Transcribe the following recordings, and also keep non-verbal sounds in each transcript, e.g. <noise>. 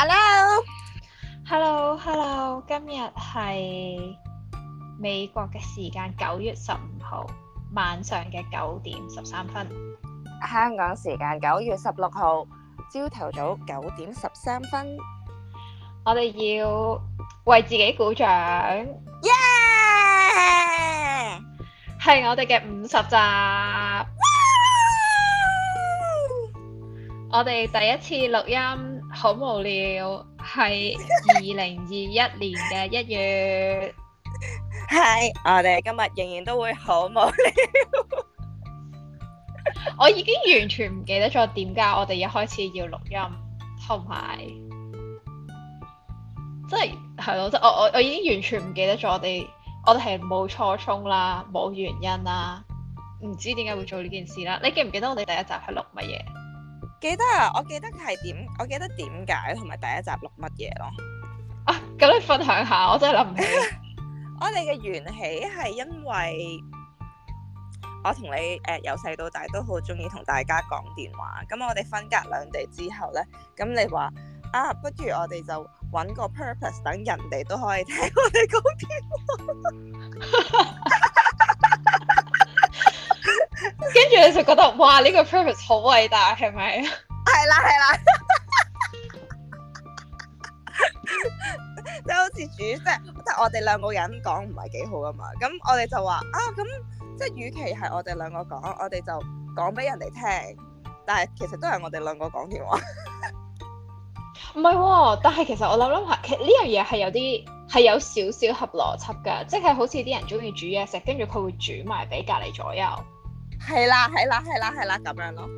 Hello，Hello，Hello，今日係美國嘅時間九月十五號晚上嘅九點十三分，香港時間九月十六號朝頭早九點十三分，我哋要為自己鼓掌，耶！係我哋嘅五十集，我哋第一次錄音。好無聊，係二零二一年嘅一月，係 <laughs> 我哋今日仍然都會好無聊 <laughs> 我我我。我已經完全唔記得咗點解我哋一開始要錄音，同埋即係係咯，即我我我已經完全唔記得咗我哋我哋係冇初衷啦，冇原因啦，唔知點解會做呢件事啦。你記唔記得我哋第一集係錄乜嘢？記得啊，我記得係點，我記得點解同埋第一集錄乜嘢咯。啊，咁你分享下，我真係諗唔明。 <laughs> 我哋嘅緣起係因為我同你誒由細到大都好鍾意同大家講電話。咁我哋分隔兩地之後咧，咁你話啊，不如我哋就搵個 purpose，等人哋都可以聽我哋講電話。 <laughs> <laughs> 跟住你就覺得哇，呢個 purpose 好偉大，係咪？係啦，係啦，即係好似煮，即係即係我哋兩個人講唔係幾好噶嘛。咁我哋就話啊，咁即係與其係我哋兩個講，我哋就講俾人哋聽，但係其實都係我哋兩個講電話。唔係喎，但係其實我諗諗下，其實呢樣嘢係有啲係有少少合邏輯噶，即係好似啲人中意煮嘢食，跟住佢會煮埋俾隔離左右。係啦，係啦，係啦，係啦，咁樣咯。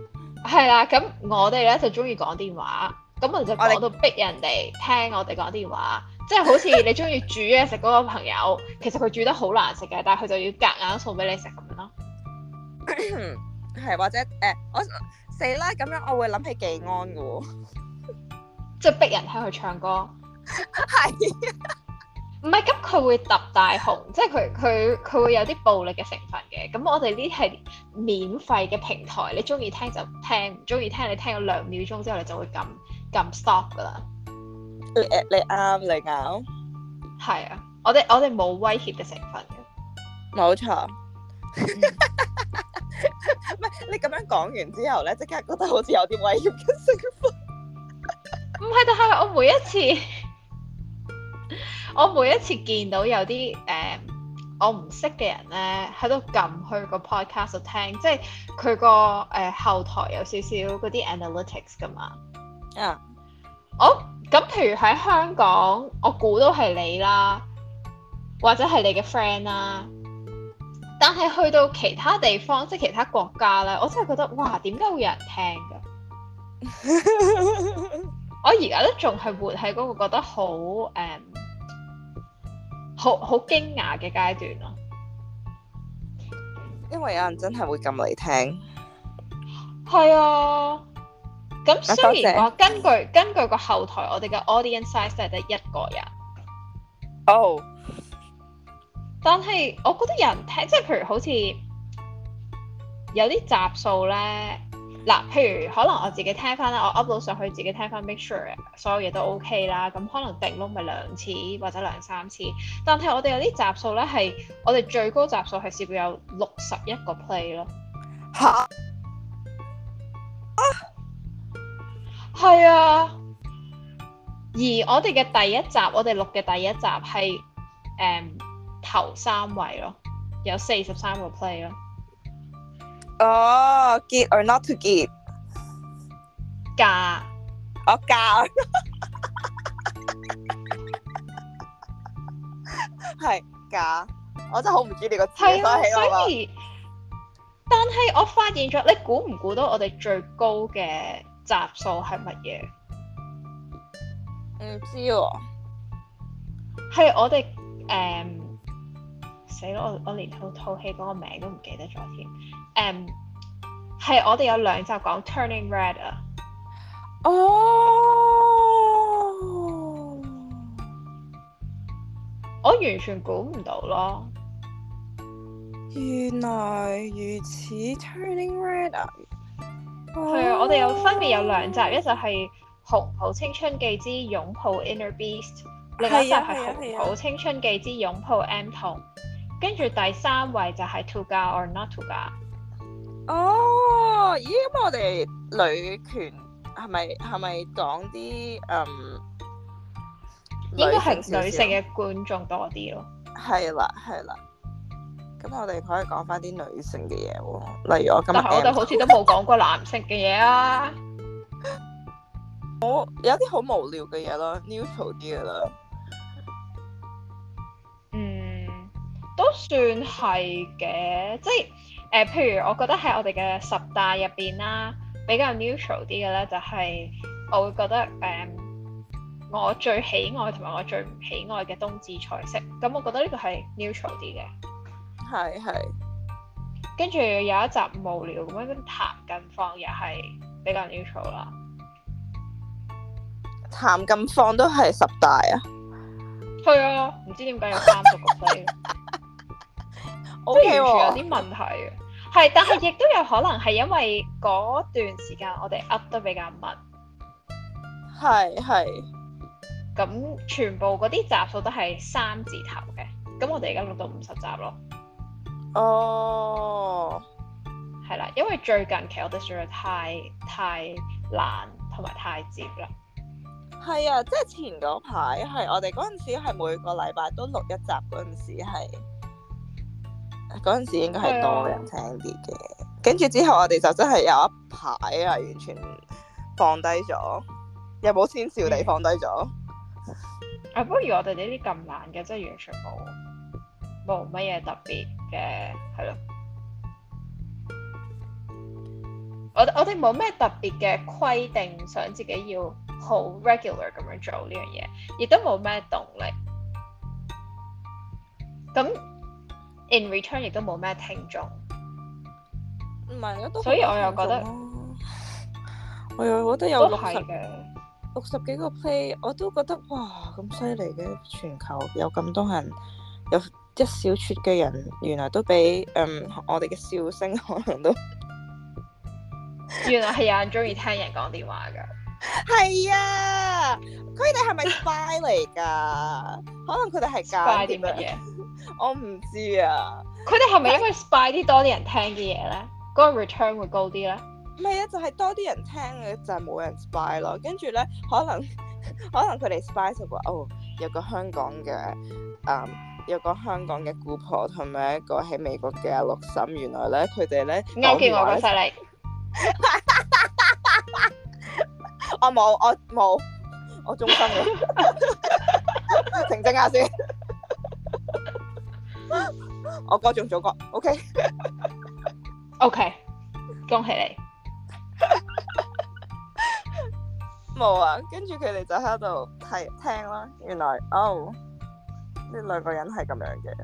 係啦，咁我哋咧就中意講電話，咁我就講到逼人哋聽我哋講電話，即係我們 好似你中意煮嘢食嗰個朋友，其實佢煮得好難食嘅，但係佢就要夾硬送俾你食咁樣咯。係 <coughs> 或者誒、呃，我死啦！咁樣我會諗起技安嘅喎，即 <laughs> 係逼人聽佢唱歌。係。 <laughs> 唔係咁，佢會揼大紅，即係佢佢佢會有啲暴力嘅成分嘅。咁我哋呢啲係免費嘅平台，你中意聽就聽，唔中意聽你聽咗兩秒鐘之後，你就會撳撳 stop 噶啦。你啱你啱，係啊！我哋我哋冇威脅嘅成分嘅，冇沒錯。唔 <laughs> 係 <laughs> <laughs> 你咁樣講完之後咧，即刻覺得好似有啲威脅嘅成分。唔係，但係我每一次。我每一次見到有啲誒、嗯、我唔識嘅人咧，喺度撳去個 podcast 嚟聽，即係佢個誒後台有少少嗰啲 analytics 㗎嘛。嗯 Yeah.，我咁譬如喺香港，我估都係你啦，或者係你嘅 friend 啦。但係去到其他地方，即係其他國家咧，我真係覺得哇，點解會有人聽㗎？ <laughs> <laughs> 我而家都仲係活喺嗰、嗰個覺得好誒～、嗯好好驚訝嘅階段咯，因為有人真係會撳嚟聽，係啊。咁雖然我根據根據個後台，我哋嘅 audience size 就係得一個人。哦，但係我覺得有人聽即係譬如好似有啲雜數咧。嗱，譬如可能我自己聽翻啦，我 upload 上，上去自己聽翻，make sure 所有嘢都 OK 啦。咁可能定咯，咪兩次或者兩三次。但係我哋有啲集數咧，係我哋最高集數係試過有六十一個 play 咯。吓？啊，係啊。而我哋嘅第一集，我哋錄嘅第一集係誒、嗯、頭三位咯，有四十三個 play 咯。哦 get or not to get 假，我、oh，假，係 <laughs> <laughs> <laughs> 假，我真好唔知呢個字， <laughs> 嗎所以，但係我發現咗，你估唔估到我哋最高嘅集數係乜嘢？唔知喎，係我哋誒。嗯死咯！我我連套套戲嗰個名都唔記得咗添。誒，係我哋有兩集講《Turning Red》啊。哦、oh，我完全估唔到咯。原來如此，《Turning Red、oh》啊。係啊，我哋有分別有兩集，一集、就、係、是《熊抱青春記之擁抱 Inner Beast》，啊啊啊、另一集係《熊抱青春記之擁抱 M 痛跟住第三位就係、是、to 加 or not to 加。哦，咦？咁我哋女權係咪係咪講啲嗯？應該係女性嘅觀眾多啲咯。係啦，係啦。咁我哋可以講翻啲女性嘅嘢喎，例如我今日我哋好似都冇講過男性嘅嘢啊。 <laughs> <laughs> 我有啲好無聊嘅嘢咯，neutral 啲噶啦。算係嘅，即係誒、呃，譬如我覺得喺我哋嘅十大入邊啦，比較 neutral 啲嘅咧，就係我會覺得誒、呃，我最喜愛同埋我最唔喜愛嘅冬至菜式，咁我覺得呢個係 neutral 啲嘅。係係。跟住有一集無聊咁樣談近況，又係比較 neutral 啦。談近況都係十大啊？係啊，唔知點解有三十個分。即完全有啲問題嘅，係， <laughs> 但係亦都有可能係因為嗰段時間我哋 up 得比較密，係係，咁全部嗰啲集數都係三字頭嘅，咁我哋而家錄到五十集咯。哦，係啦，因為最近其實我哋上得太太難同埋太接啦。係啊，即、就、係、是、前嗰排係我哋嗰陣時係每個禮拜都錄一集嗰陣時係。嗰陣時應該係多人聽啲嘅，跟住、嗯、之後我哋就真係有一排啊，完全放低咗，有冇先兆地放低咗？嗯、 <laughs> 啊，不如我哋呢啲咁懶嘅真係完全冇，冇乜嘢特別嘅，係咯。我我哋冇咩特別嘅規定，想自己要好 regular 咁樣做呢樣嘢，亦都冇咩動力。咁。In return 亦都冇咩聽眾，唔係啊，所以我又覺得，我又覺得有六十嘅，六十幾個 play 我都覺得哇咁犀利嘅，全球有咁多人，有一小撮嘅人原來都俾嗯、呃、我哋嘅笑聲可能都， <laughs> 原來係有人中意聽人講電話㗎，係 <laughs> <laughs> 啊，佢哋係咪快嚟㗎？ <laughs> 可能佢哋係假啲乜嘢？我唔知啊！佢哋係咪應該 spy 啲多啲人聽嘅嘢咧，嗰、那個 return 會高啲咧？唔係啊，就係、是、多啲人聽嘅就冇、是、人 spy 咯。跟住咧，可能可能佢哋 spy 就話哦，有個香港嘅啊、嗯，有個香港嘅姑婆同埋一個喺美國嘅阿六嬸，原來咧佢哋咧，嗌見我犀利， <laughs> <laughs> <laughs> 我冇我冇我衷心嘅，澄 <laughs> <laughs> 清一下先。 <laughs> 我哥仲早過，OK，OK，恭喜你。冇啊，跟住佢哋就喺度聽聽啦。原來哦，呢兩個人係咁樣嘅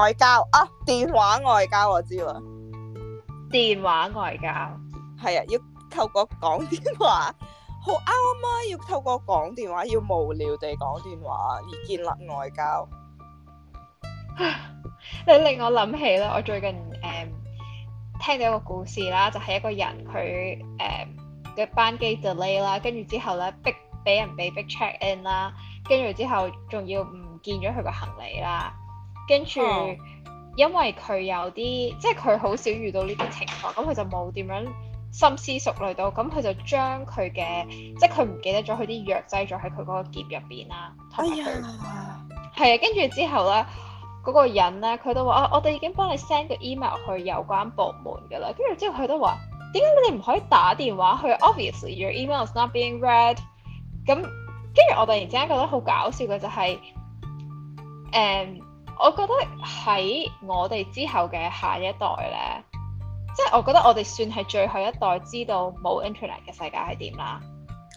外交啊，電話外交我知啊，電話外交係啊，要透過講電話好啱啊，要透過講電話，要無聊地講電話而建立外交。 <laughs> 你令我諗起啦，我最近誒、um, 聽到一個故事啦，就係、是、一個人佢誒嘅班機 delay 啦，跟住之後咧逼俾人被逼，逼 check in 啦，跟住之後仲要唔見咗佢個行李啦，跟住、oh. 因為佢有啲即係佢好少遇到呢啲情況，咁佢就冇點樣深思熟慮到，咁佢就將佢嘅即係佢唔記得咗佢啲藥劑咗喺佢嗰個篋入邊啦，同埋佢係啊，跟住之後咧。嗰個人咧，佢都話，啊，我我哋已經幫你 send 個 email 去有關部門㗎啦。跟住之後佢都話：點解你哋唔可以打電話去？Obviously your email is not being read。嗯，咁跟住我突然之間覺得好搞笑嘅就係，誒，我覺得喺我哋之後嘅下一代咧，即係，我覺得我哋算係最後一代知道冇 internet 嘅世界係點啦。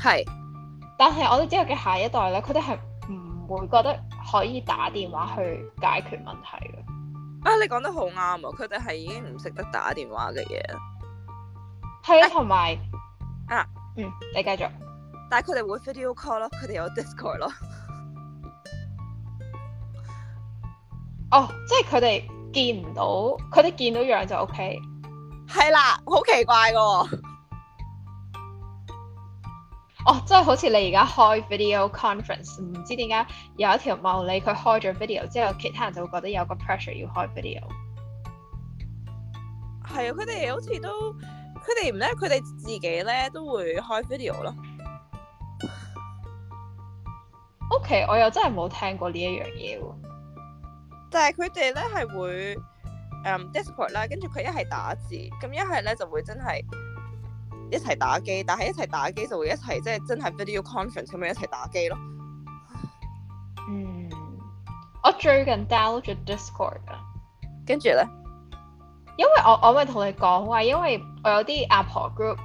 係。但係我哋之後嘅下一代咧，佢哋係。會覺得可以打電話去解決問題嘅啊！你講得好啱啊！佢哋係已經唔識得打電話嘅嘢，係對啊，同埋有啊，嗯，你繼續，但係佢哋會 video call 咯，佢哋有 Discord 咯。哦，即係佢哋見唔到，佢哋見到樣就 OK，係啦，好奇怪喎，哦。哦，即係好似你而家開 video conference，唔知點解有一條茂利佢開咗 video 之後，其他人就會覺得有個 pressure 要開 video。係啊，佢哋好似都佢哋唔咧，佢哋自己咧都會開 video 咯。OK，我又真係冇聽過呢一樣嘢喎。但係佢哋咧係會嗯 Discord 啦，跟住佢一係打字，咁一係咧就會真係。一齊打機，但係一齊打機就會一齊，即係真係 video conference 咁咪一齊打機咯。嗯，我最近 download 咗 Discord 啦。跟住咧，因為我我咪同你講話，因為我有啲阿婆 group，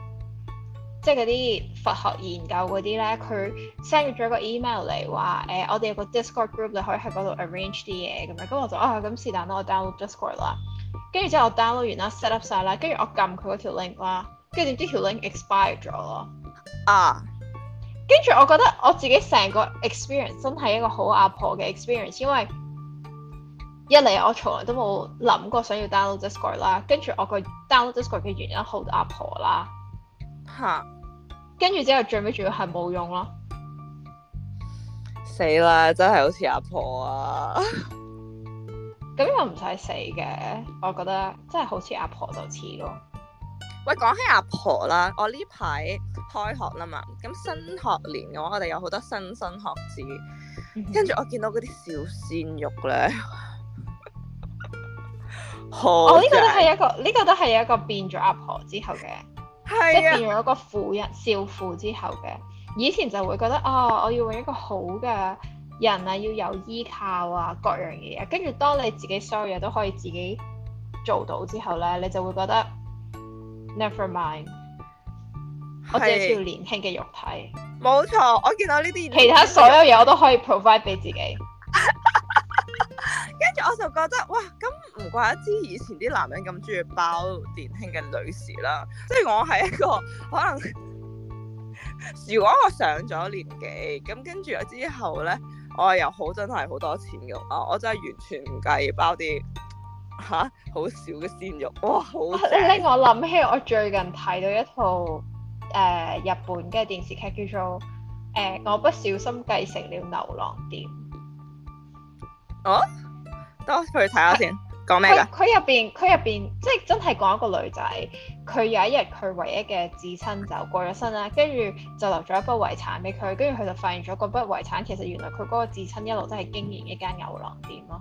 即係嗰啲佛學研究嗰啲咧，佢 send 咗個 email 嚟話誒、欸，我哋有個 Discord group，你可以喺嗰度 arrange 啲嘢咁樣。咁我就啊咁是但啦，我 download Discord 啦。跟住之後我 download 完啦，set up 晒啦，跟住我撳佢嗰條 link 啦。跟住啲條 link expire 咗咯。啊！跟住我覺得我自己成個 experience 真係一個好阿婆嘅 experience，因為一嚟我從來都冇諗過想要 download Discord 啦，跟住我個 download Discord 嘅原因好阿婆啦嚇，跟住之後最尾仲要係冇用咯，死啦！真係好似阿婆啊！咁 <laughs> 又唔使死嘅，我覺得真係好似阿婆就似咯。喂，講起阿婆啦，我呢排開學啦嘛，咁新學年嘅話，我哋有好多新生學子，跟住、嗯、哼我見到嗰啲小鮮肉咧，我 <laughs> 呢爽、哦呢個都係一個，呢、呢個都係一個變咗阿婆之後嘅，即係、啊、變咗個婦人少婦之後嘅。以前就會覺得，哦，我要搵一個好嘅人啊，要有依靠啊，各樣嘢。跟住當你自己所有嘢都可以自己做到之後咧，你就會覺得。Never mind，是我只係條年輕嘅肉體。冇錯，我見到呢啲其他所有嘢，我都可以 provide 俾自己。跟住 <laughs> 我就覺得，哇！咁唔怪得知以前啲男人咁中意包年輕嘅女士啦。即係我係一個可能，如果我上咗年紀，咁跟住之後呢，我又好真係好多錢用，我真係完全唔介意包啲、啊，吓？好少嘅鮮肉，哇！好正咧！啊、令我諗起我最近睇到一套誒、呃、日本嘅電視劇，叫做誒《我不小心繼承了牛郎店》。哦，等去睇下先，講咩㗎？佢入邊，佢入邊，即係真係講一個女仔，佢有一日佢唯一嘅至親就過咗身啦，跟住就留咗一筆遺產俾佢，跟住佢就發現咗個筆遺產其實原來佢嗰個至親一路都係經營一間牛郎店咯。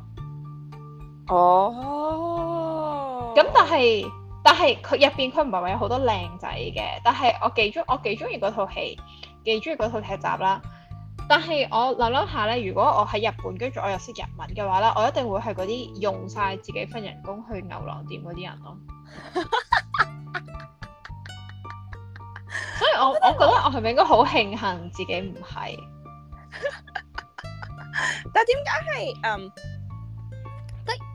哦，咁但係，但係佢入邊佢唔係話有好多靚仔嘅，但係我幾中，我幾中意嗰套戲，幾中意嗰套劇集啦。但係我諗諗下咧，如果我喺日本跟住我又識日文嘅話咧，我一定會係嗰啲用晒自己份人工去牛郎店嗰啲人咯。所以我 <laughs> 我覺得我係咪應該好慶幸自己唔係？ <laughs> <laughs> 但係點解係嗯？Um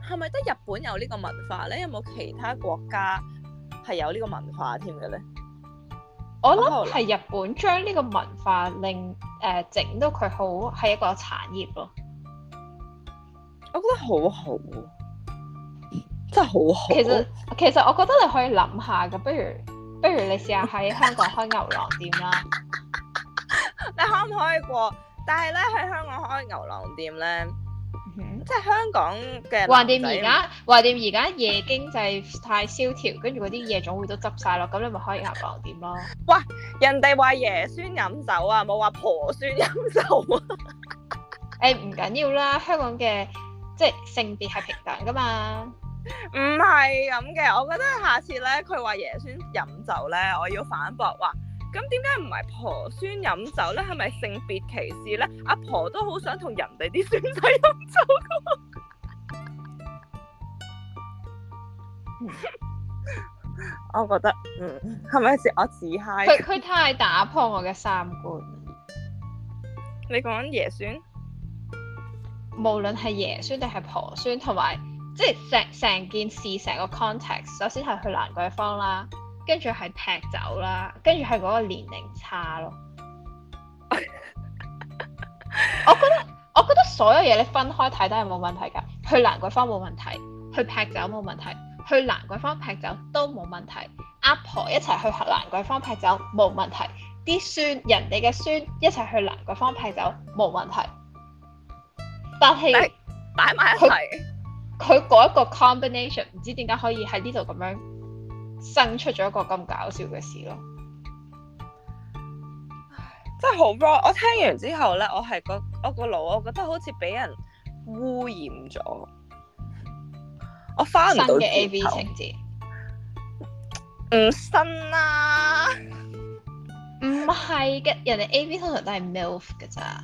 係咪得日本有呢個文化咧？有冇其他國家係有呢個文化添嘅咧？我諗係日本將呢個文化令誒整、呃、到佢好係一個產業咯。我覺得好、啊、好，真係好好。其實其實我覺得你可以諗下㗎，不如不如你試下喺香港開牛郎店啦。 <laughs> 你可唔可以過？但係咧，喺香港開牛郎店咧。嗯、即係香港嘅橫掂而家，橫掂而家夜經濟太蕭條，跟住嗰啲夜總會都執晒咯。咁你咪可以開牛郎店咯？嘩， <laughs> 人哋話爺孫飲酒啊，冇話婆孫飲酒啊。誒唔緊要啦，香港嘅即係性別係平等噶嘛。唔係咁嘅，我覺得下次咧，佢話爺孫飲酒咧，我要反駁話。咁點解唔係婆孫飲酒咧？係咪性別歧視咧？阿婆都好想同人哋啲孫仔飲酒㗎。 <laughs> <laughs> 我覺得，嗯，係咪我自嗨？佢佢太打破我嘅三觀。 <laughs> 你講緊爺孫，無論係爺孫定係婆孫，同埋即係成成件事成個 context，首先係去蘭桂坊啦。跟住係劈酒啦，跟住係嗰個年齡差咯。 <laughs> <laughs> 我覺得我覺得所有嘢你分開睇都係冇問題㗎。去蘭桂坊冇問題，去劈酒冇問題，去蘭桂坊劈酒都冇問題。阿婆一齊去，去蘭桂坊劈酒冇問題，啲孫人哋嘅孫一齊去蘭桂坊劈酒冇問題。但係擺埋一齊，佢嗰一個 combination 唔知點解可以喺呢度咁樣。生出咗一個咁搞笑嘅事咯，真係好 rock。我聽完之後咧，我係個我個腦，我覺得好似俾人污染咗，我翻唔到嘅 A V 情節，唔新啦、啊。唔係嘅，人哋 A V 通常都係 milf 嘅咋，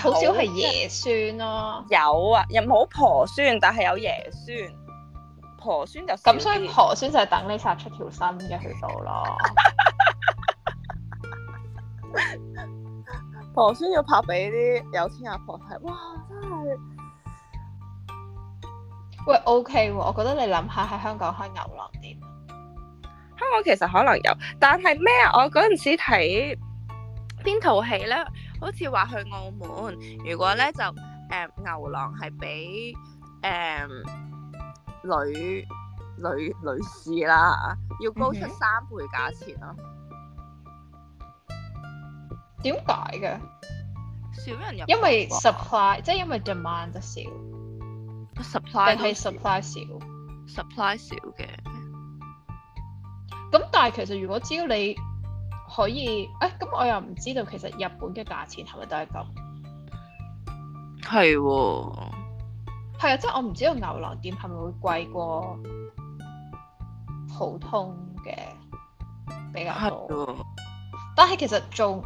好少係爺孫咯，有啊，又冇婆孫，但係有爺孫。婆孫就咁，所以婆孫就等你殺出條新嘅去到咯。 <laughs> <laughs> 婆孫要拍俾啲有錢阿婆睇，哇！真係喂，OK，我覺得你諗下喺香港開牛郎店。香港其實可能有，但係咩啊？我嗰陣時睇邊套戲咧，好似話去澳門。如果咧就誒、嗯、牛郎係俾誒。嗯女女女士啦，要高出三倍價錢啊？點解嘅？啊、少人入，因為 supply 即係因為 demand 得少，supply 定係 supply 少，supply 少嘅。咁但係其實如果只要你可以，誒、欸、咁我又唔知道其實日本嘅價錢係咪都係咁？係喎、哦。係啊，即係、嗯、我唔知道牛郎店係咪會貴過普通嘅比較多。但係其實做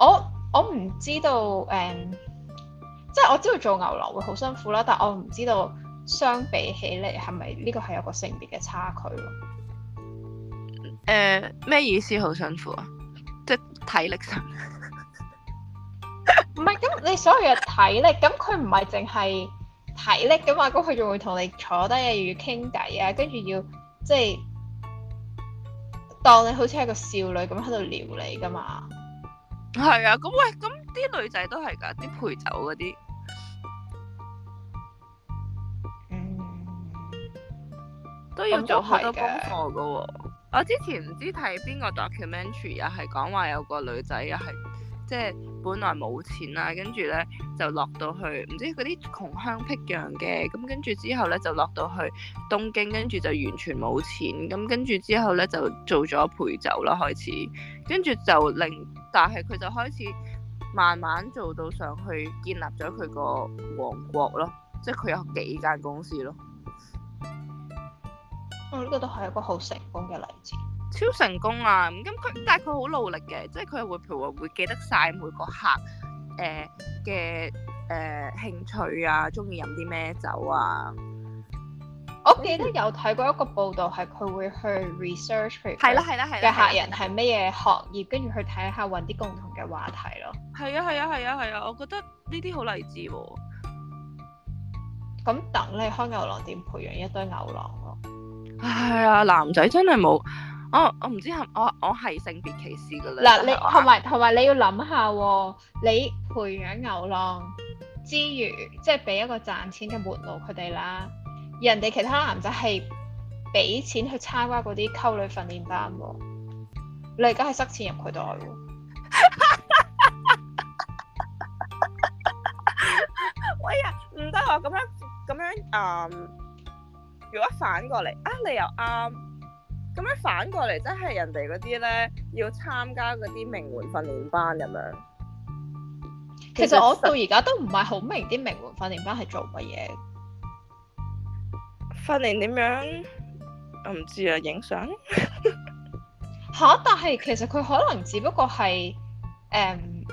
我我唔知道誒，即、um, 係我知道做牛郎會好辛苦啦，但我唔知道相比起嚟係咪呢個係有個性別嘅差距咯。誒、呃，咩意思好辛苦啊？即係體力上、 <laughs> 嗯？唔、嗯、係，咁、嗯、你所有嘅體力，咁佢唔係淨係。體力㗎嘛，咁佢仲會同你坐低啊，又要傾偈啊，跟住要即係當你好似係個少女咁喺度撩你㗎嘛。係啊，咁喂，咁啲女仔都係㗎，啲陪酒嗰啲，嗯，都要做好多功課㗎。嗯，我之前唔知睇邊個 documentary 又係講話有個女仔又係。即係本來冇錢啦，跟住咧就落到去唔知嗰啲窮鄉僻壤嘅，咁跟住之後咧就落到去東京，跟住就完全冇錢，咁跟住之後咧就做咗陪酒啦開始，跟住就令，但係佢就開始慢慢做到上去建立咗佢個王國咯，即係佢有幾間公司咯。我覺得係一個好成功嘅例子。超成功啊！咁佢但係佢好努力嘅，即係佢會譬如會記得晒每個客誒嘅誒興趣啊，中意飲啲咩酒啊。我記得有睇過一個報道，係佢會去 research 嘅客人係咩嘢行業，跟住去睇下搵啲共同嘅話題咯。係啊係啊係啊係啊，啊，啊，啊，啊！我覺得呢啲好勵志喎。咁等你開牛郎店，培養一堆牛郎咯。係啊，男仔真係冇。我我唔知係我我係性別歧視㗎啦。嗱，你同埋同埋你要諗下喎，你培養牛郎之餘，即係俾一個賺錢嘅門路佢哋啦。人哋其他男仔係俾錢去參加嗰啲溝女訓練班喎，你而家係塞錢入佢袋喎。喂啊！唔得啊！咁樣咁樣啊！如果反過嚟啊，你又啱。嗯咁樣反過嚟，真係人哋嗰啲咧要參加嗰啲名媛訓練班咁樣。其實我到而家都唔係好明啲名媛訓練班係做乜嘢。訓練點樣？我唔知啊，影相。嚇！ <laughs> 但係其實佢可能只不過係誒、嗯，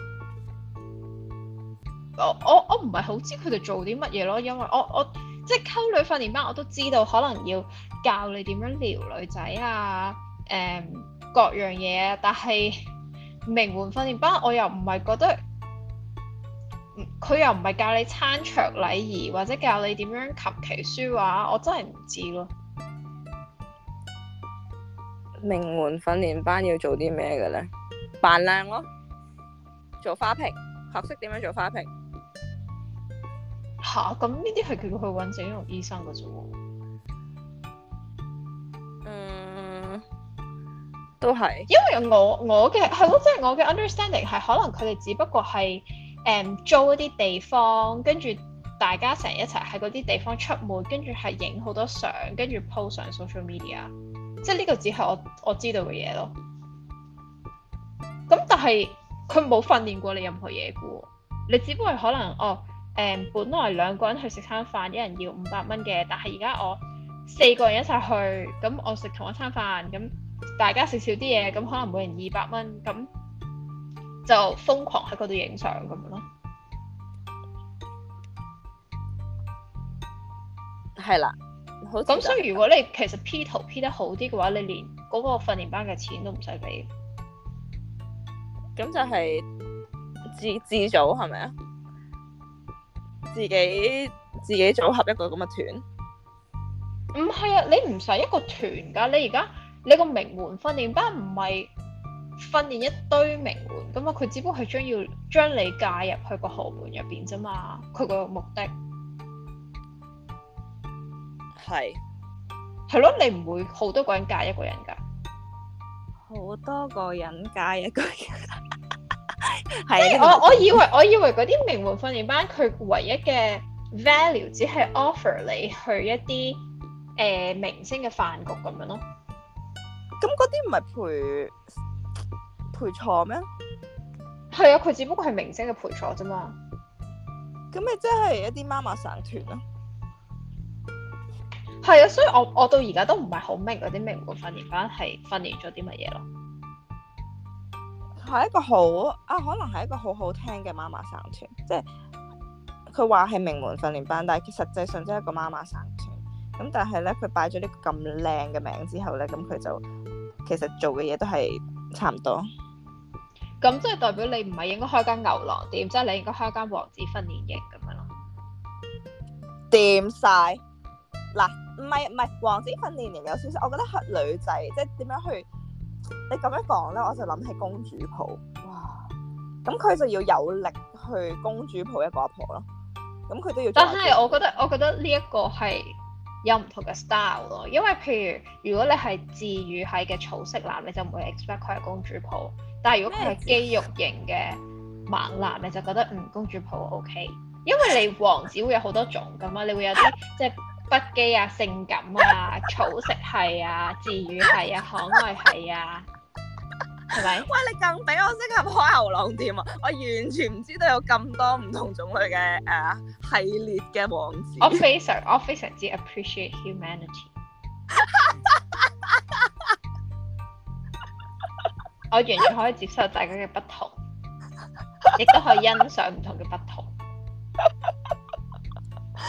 我我我唔係好知佢哋做啲乜嘢咯，因為我我。即係溝女訓練班，我都知道可能要教你點樣撩女仔啊，誒、嗯、各樣嘢，但係名媛訓練班，我又唔係覺得，佢又唔係教你餐桌禮儀或者教你點樣琴棋書畫，啊，我真係唔知咯。名媛訓練班要做啲咩嘅咧？扮靚咯，哦，做花瓶，學識點樣做花瓶。吓，咁呢啲係叫佢去揾整容醫生嘅啫喎。嗯，都係，因為我我嘅係咯，即係、就是、我嘅 understanding 係可能佢哋只不過係誒、um, 租一啲地方，跟住大家成日一齊喺嗰啲地方出沒，跟住係影好多相，跟住 post 上 social media。即係呢個只係我我知道嘅嘢咯。咁但係佢冇訓練過你任何嘢嘅喎，你只不過可能哦。本來兩個人去食餐飯，一人要五百蚊嘅。但係而家我四個人一齊去，咁我食同一餐飯，咁大家食少啲嘢，咁可能每人二百蚊，咁就瘋狂喺嗰度影相咁咯。係啦，好。咁所以如果你其實 P 圖 P 得好啲嘅話，你連嗰個訓練班嘅錢都唔使俾。咁就係自自早係咪啊？自己自己組合一個咁嘅團，唔係啊！你唔使一個團㗎，你而家你個名門訓練班唔係訓練一堆名門㗎嘛！佢只不過係將要將你嫁入去個豪門入邊啫嘛，佢個目的係，係咯，你唔會好多個人嫁一個人㗎，好多個人嫁一個人。係 <laughs> 我我以為 <laughs> 我以為嗰啲名門訓練班佢唯一嘅 value 只係 offer 你去一啲誒、呃、明星嘅飯局咁樣咯、啊,咁嗰啲唔係陪陪坐咩？係 <laughs> 啊，佢只不過係明星嘅陪坐啫嘛。咁咪即係一啲媽媽上團咯。係 <laughs> 啊，所以我我到而家都唔係好明嗰啲名門訓練班係訓練咗啲乜嘢咯。係一個好啊，可能係一個好好聽嘅媽媽生團，即係佢話係名門訓練班，但係其實際上真係一個媽媽生團。咁、嗯、但係咧，佢擺咗呢個咁靚嘅名之後咧，咁、嗯、佢就其實做嘅嘢都係差唔多。咁即係代表你唔係應該開間牛郎店，即係你應該開間王子訓練營咁樣咯。掂曬嗱，唔係唔係王子訓練營有少少，我覺得係女仔，即係點樣去。你咁樣講咧，我就諗起公主抱，哇！咁佢就要有力去公主抱一個阿婆咯，咁佢都要。但係我覺得，我覺得呢一個係有唔同嘅 style 咯，因為譬如如果你係治愈系嘅草色男，你就唔會 expect 佢係公主抱，但係如果佢係肌肉型嘅猛男，你就覺得嗯，公主抱 OK，因為你王子會有好多種噶嘛，你會有啲、啊、即係。不羈啊，性感啊，草食系啊，治愈系啊，可愛系啊，係咪？喂，你更俾我適合開牛郎店啊！我完全唔知道有咁多唔同種類嘅誒、啊、系列嘅王子。我非常，我非常之 appreciate humanity。 <laughs> 我完全可以接受大家嘅不同，亦都可以欣賞唔同嘅不同。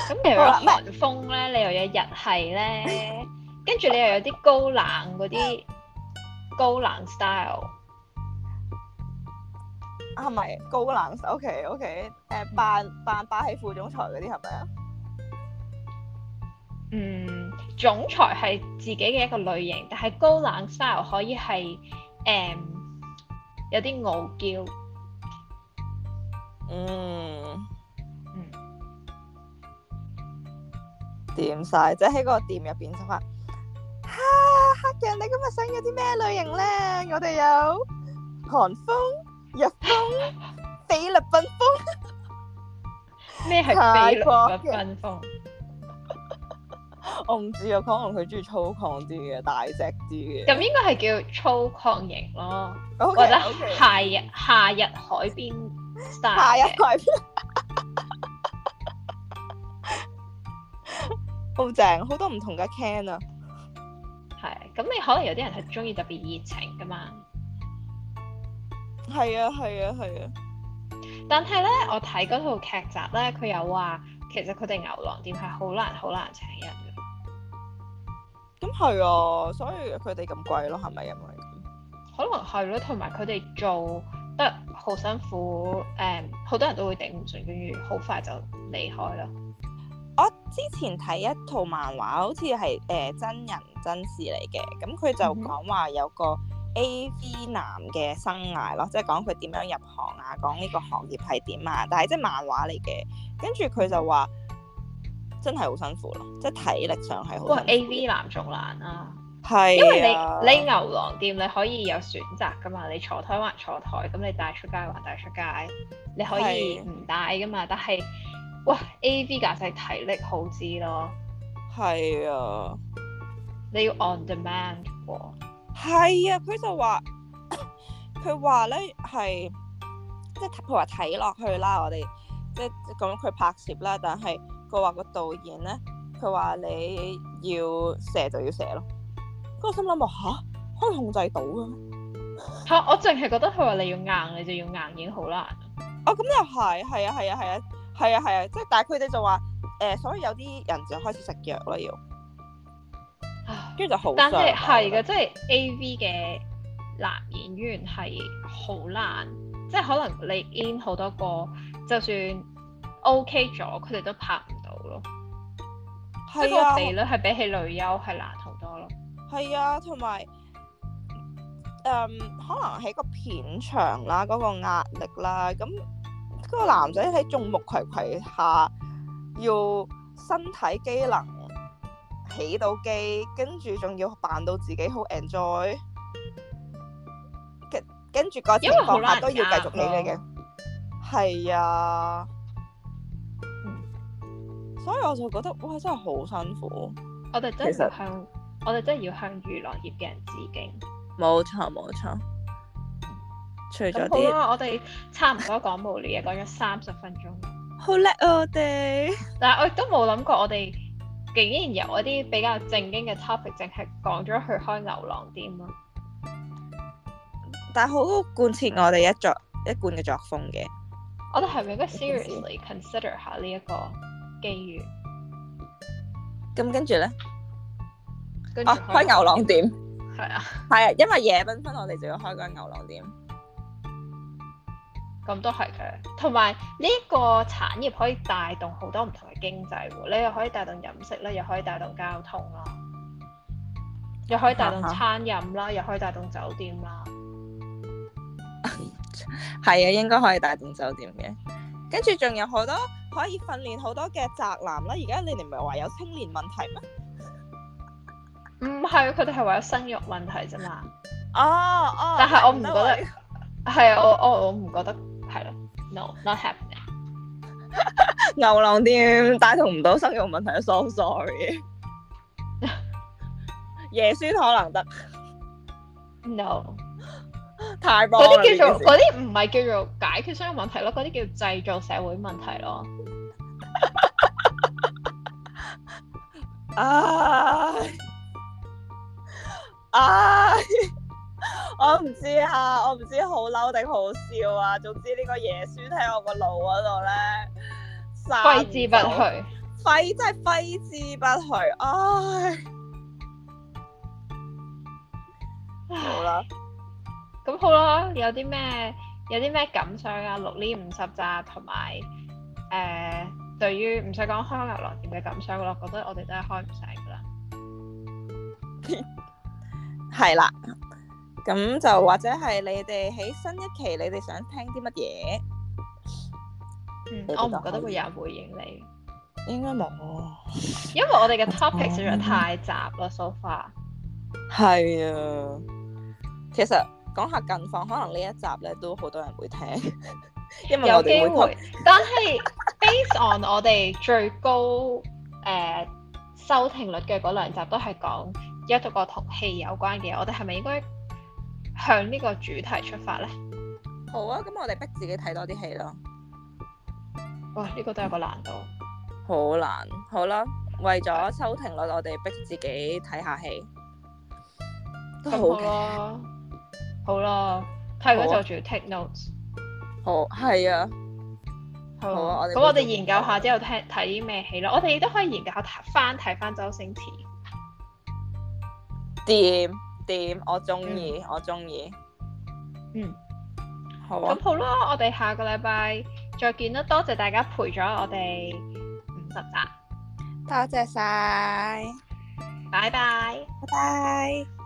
咁其實韓風咧，你又有日系咧，跟住你又有啲高冷嗰啲高冷 style，係咪高冷？O K O K，誒扮扮霸氣副總裁嗰啲係咪啊？嗯，總裁係自己嘅一個類型，但係高冷 style 可以係誒、嗯、有啲傲嬌，嗯。掂晒，即係喺個店入邊就話，哈、啊、客人你今日想要啲咩類型咧？我哋有韓風、日風、菲律賓風，咩係菲律賓風？Okay. 我唔知啊，可能佢中意粗獷啲嘅，大隻啲嘅，咁應該係叫粗獷型咯。我覺得夏日夏日海邊，夏 <laughs> 日海邊。 <laughs> 好正，好多唔同嘅 can 啊！係，咁你可能有啲人係鍾意特別熱情㗎嘛？係啊，係啊，係啊！但係咧，我睇嗰套劇集咧，佢有話其實佢哋牛郎店係好難好難請人嘅。咁係啊，所以佢哋咁貴咯，係咪因為？可能係咯、啊，同埋佢哋做得好辛苦，誒、嗯，好多人都會頂唔順，跟住好快就離開咯。我、oh, 之前睇一套漫畫，好似係誒真人真事嚟嘅，咁、嗯、佢就講話有個 A V 男嘅生涯咯，即係講佢點樣入行啊，講呢個行業係點啊，但係即係漫畫嚟嘅，跟住佢就話真係好辛苦咯，即係體力上係好。哇！A V 男仲難啊，係、啊、因為你你牛郎店你可以有選擇噶嘛，你坐台還坐台，咁你帶出街還帶出街，你可以唔帶噶嘛，是但係。哇！A.V. 架勢體力好知咯，係啊，你要 on demand 喎，係啊。佢、啊、就話佢話咧係即係譬如話睇落去啦，我哋即係咁佢拍攝啦，但係佢話個導演咧，佢話你要射就要射咯。嗰我心諗話吓可以控制到嘅咩？ <laughs> 啊。」吓？我淨係覺得佢話你要硬，你就要硬已經好難哦，咁又係，係啊，係啊，係啊。係啊係啊，即係但係佢哋就話誒、呃，所以有啲人就開始食藥啦要，跟住是就好、是、衰。但係係嘅，即係 A.V. 嘅男演員係好難，即係的可能你 in 好多個，就算 OK 咗，佢哋都拍唔到咯。係啊的，個比率係比起女優係難好多咯。係啊，同埋誒可能喺個片場啦，嗰、那個壓力啦，咁。嗰個男仔喺眾目睽睽下要身體機能起到機，跟住仲要扮到自己好 enjoy，跟跟住個情況下都要繼續起嘅。係啊，啊嗯、所以我就覺得哇，真係好辛苦。我哋真係實我哋真係要向娛樂業嘅人致敬。冇錯，冇錯。咁、 <laughs> 嗯、好啦，我哋差唔多講無聊嘢，講咗三十分鐘，好叻 <laughs> 啊！我哋，但係我亦都冇諗過，我哋竟然由一啲比較正經嘅 topic，淨係講咗去開牛郎店咯。但係好貫徹我哋一作一貫嘅作風嘅。 <laughs> 我哋係咪應該 seriously consider 下呢一個機遇？咁跟住咧，哦，啊、開牛郎店，係 <laughs> <laughs> 啊，係啊，因為夜繽紛，我哋就要開個牛郎店。咁都係嘅，同埋呢個產業可以帶動好多唔同嘅經濟，你又可以帶動飲食啦，又可以帶動交通啦，又可以帶動餐飲啦，啊、哈又可以帶動酒店啦。係啊， <laughs> 應該可以帶動酒店嘅。跟住仲有好多可以訓練好多嘅宅男啦。而家你哋唔係話有青年問題咩？唔係，佢哋係話有生育問題啫嘛、哦。哦哦。但係我唔覺得，係啊，我我我唔覺得。係咯，no，not happening。牛郎店帶動唔到生育問題，so sorry。耶穌可能得，no，太棒。嗰啲叫做，嗰啲唔係叫做解決所有問題咯，嗰啲叫製造社會問題咯。唉，唉。我唔知啊，我唔知好嬲定好笑啊！總之個呢個耶穌喺我個腦嗰度咧，揮之不去，揮，真係揮之不去，唉。好啦，咁 <laughs> 好啦，有啲咩有啲咩感想啊？六呢五十集同埋誒，對於唔使講開牛郎店嘅感想，啊，我覺得我哋都係開唔成㗎啦，係啦。咁就或者係你哋喺新一期，你哋想聽啲乜嘢？我唔覺得佢有回應你。應該冇，因為我哋嘅 topic 實在太雜啦。so far 係啊，其實講下近況，可能呢一集咧都好多人會聽。 <laughs> 因為我 <laughs> 有機會，但係 based on 我哋最高誒、呃、收聽率嘅嗰兩集都係講一啲個同戲有關嘅。我哋係咪應該？向呢個主題出發咧、啊這個，好啊！咁我哋逼自己睇多啲戲咯。哇！呢個都有個難度，好難。好啦，為咗收聽率，我哋逼自己睇下戲，都好嘅。好啦，睇完之後仲要 take notes。好，係啊。好啊，咁我哋研究下之後睇睇咩戲咯。我哋亦都可以研究下睇翻睇翻周星馳。掂。我中意，我中意。嗯，嗯，好啊。咁好啦，我哋下個禮拜再見啦！多謝大家陪咗我哋五十集，多謝晒！拜拜，拜拜。